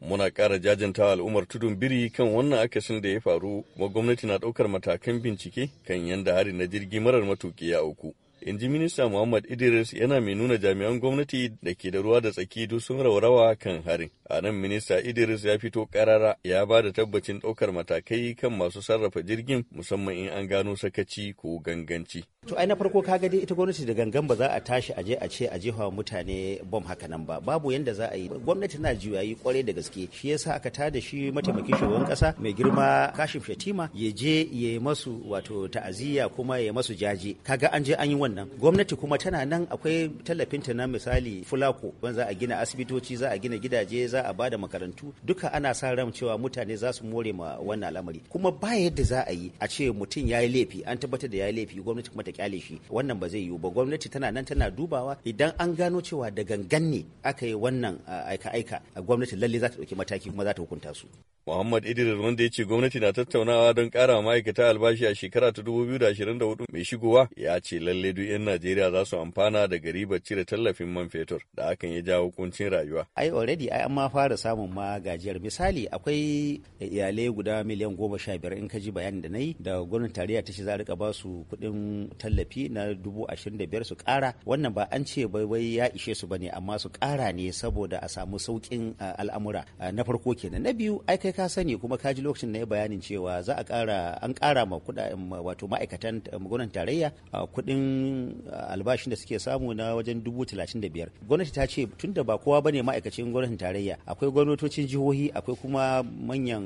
Muna ƙara jajanta al'ummar tudun biri kan wannan akasin da ya faru kuma gwamnati na ɗaukar matakan bincike kan yadda hari na jirgi marar matuƙi ya auku. in ji minista Muhammad Idris yana mai nuna jami'an gwamnati da ke da ruwa da tsaki duk sun raurawa kan harin. A nan minista Idris ya fito karara ya ba da tabbacin ɗaukar matakai kan masu sarrafa jirgin musamman in an gano sakaci ko ganganci. to ai na farko kaga dai ita gwamnati da gangan ba za a tashi a je a ce a jefa mutane bom haka nan ba babu yanda za a yi gwamnati na juyayi kwarai da gaske shi yasa aka tada shi mataimakin shugaban kasa mai girma kashim shatima ya je ya yi masu wato ta'aziyya kuma ya masu jaje kaga an je an yi wannan gwamnati kuma tana nan akwai tallafin ta na misali fulako ban za a gina asibitoci za a gina gidaje za a bada makarantu duka ana sa ran cewa mutane za su more ma wannan al'amari kuma ba yadda za a yi a ce mutum ya yi laifi an tabbatar da ya yi laifi gwamnati kuma ta kyale shi wannan ba zai yiwu ba gwamnati tana nan tana dubawa idan an gano cewa da gangan ne aka yi wannan aika-aika gwamnati lalle za ta ɗauki mataki kuma za ta hukunta su. Muhammad Idris wanda ya ce gwamnati na tattaunawa don ƙara ma'aikata albashi a shekara ta 2024 mai shigowa ya ce lalle duk 'yan Najeriya za su amfana da ribar cire tallafin man fetur da hakan ya jawo kuncin rayuwa. Ai already ai an ma fara samun ma gajiyar misali akwai iyalai guda miliyan goma sha biyar in ka ji bayanin da na yi da gwamnatin tarayya ta ce za a rika ba su kuɗin tallafi na dubu ashirin da biyar su ƙara wannan ba an ce bai wai ya ishe su ne amma su ƙara ne saboda a samu sauƙin al'amura na farko kenan na biyu ai kai ka sani kuma ka ji lokacin na ya bayanin cewa za a ƙara an ƙara ma kuɗaɗen wato ma'aikatan gwamnatin tarayya kuɗin albashin da suke samu na wajen dubu talatin da biyar gwamnati ta ce tunda ba kowa bane ma'aikacin gwamnatin tarayya akwai gwamnatocin jihohi akwai kuma manyan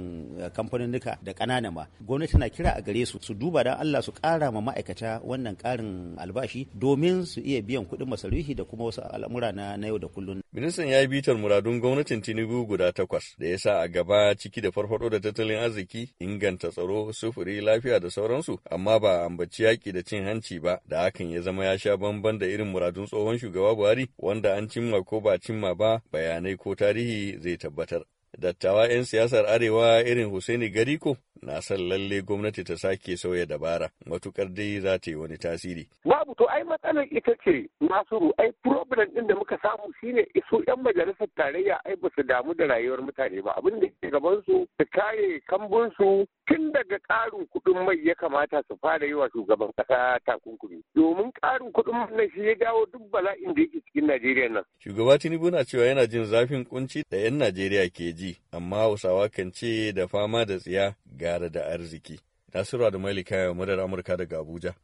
kamfanin da ƙanana ma gwamnati na kira a gare su su duba dan Allah su ƙara ma ma'aikata wannan wannan karin albashi domin su iya biyan kuɗin masarufi da kuma wasu al'amura na yau da kullum. Ministan ya yi bitar muradun gwamnatin Tinubu guda takwas da ya sa a gaba ciki da farfado da tattalin arziki, inganta tsaro, sufuri, lafiya da sauransu, amma ba a ambaci yaƙi da cin hanci ba, da hakan ya zama ya sha bamban da irin muradun tsohon shugaba Buhari wanda an cimma ko ba cimma ba bayanai ko tarihi zai tabbatar. Dattawa 'yan siyasar Arewa irin Hussaini Gariko na san lalle gwamnati ta sake sauya dabara matukar dai za ta yi wani tasiri. Babu to ai matsalar ita ce Nasiru ai problem din da muka samu shine iso yan majalisar tarayya ai ba su damu da rayuwar mutane ba abin da ke gaban su su kare kambun su tun daga karin kuɗin mai ya kamata su fara yi wa shugaban kasa takunkumi domin karin kuɗin mai shi ya dawo duk bala'in da yake cikin Najeriya nan. Shugaba Tinubu na cewa yana jin zafin kunci da 'yan Najeriya ke ji amma Hausawa kan ce da fama da tsiya gara da arziki. Nasiru da Malika muryar Amurka daga Abuja,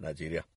Najeriya.